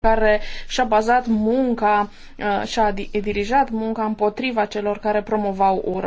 care și-a bazat munca, uh, și-a dirijat munca împotriva celor care promovau ura.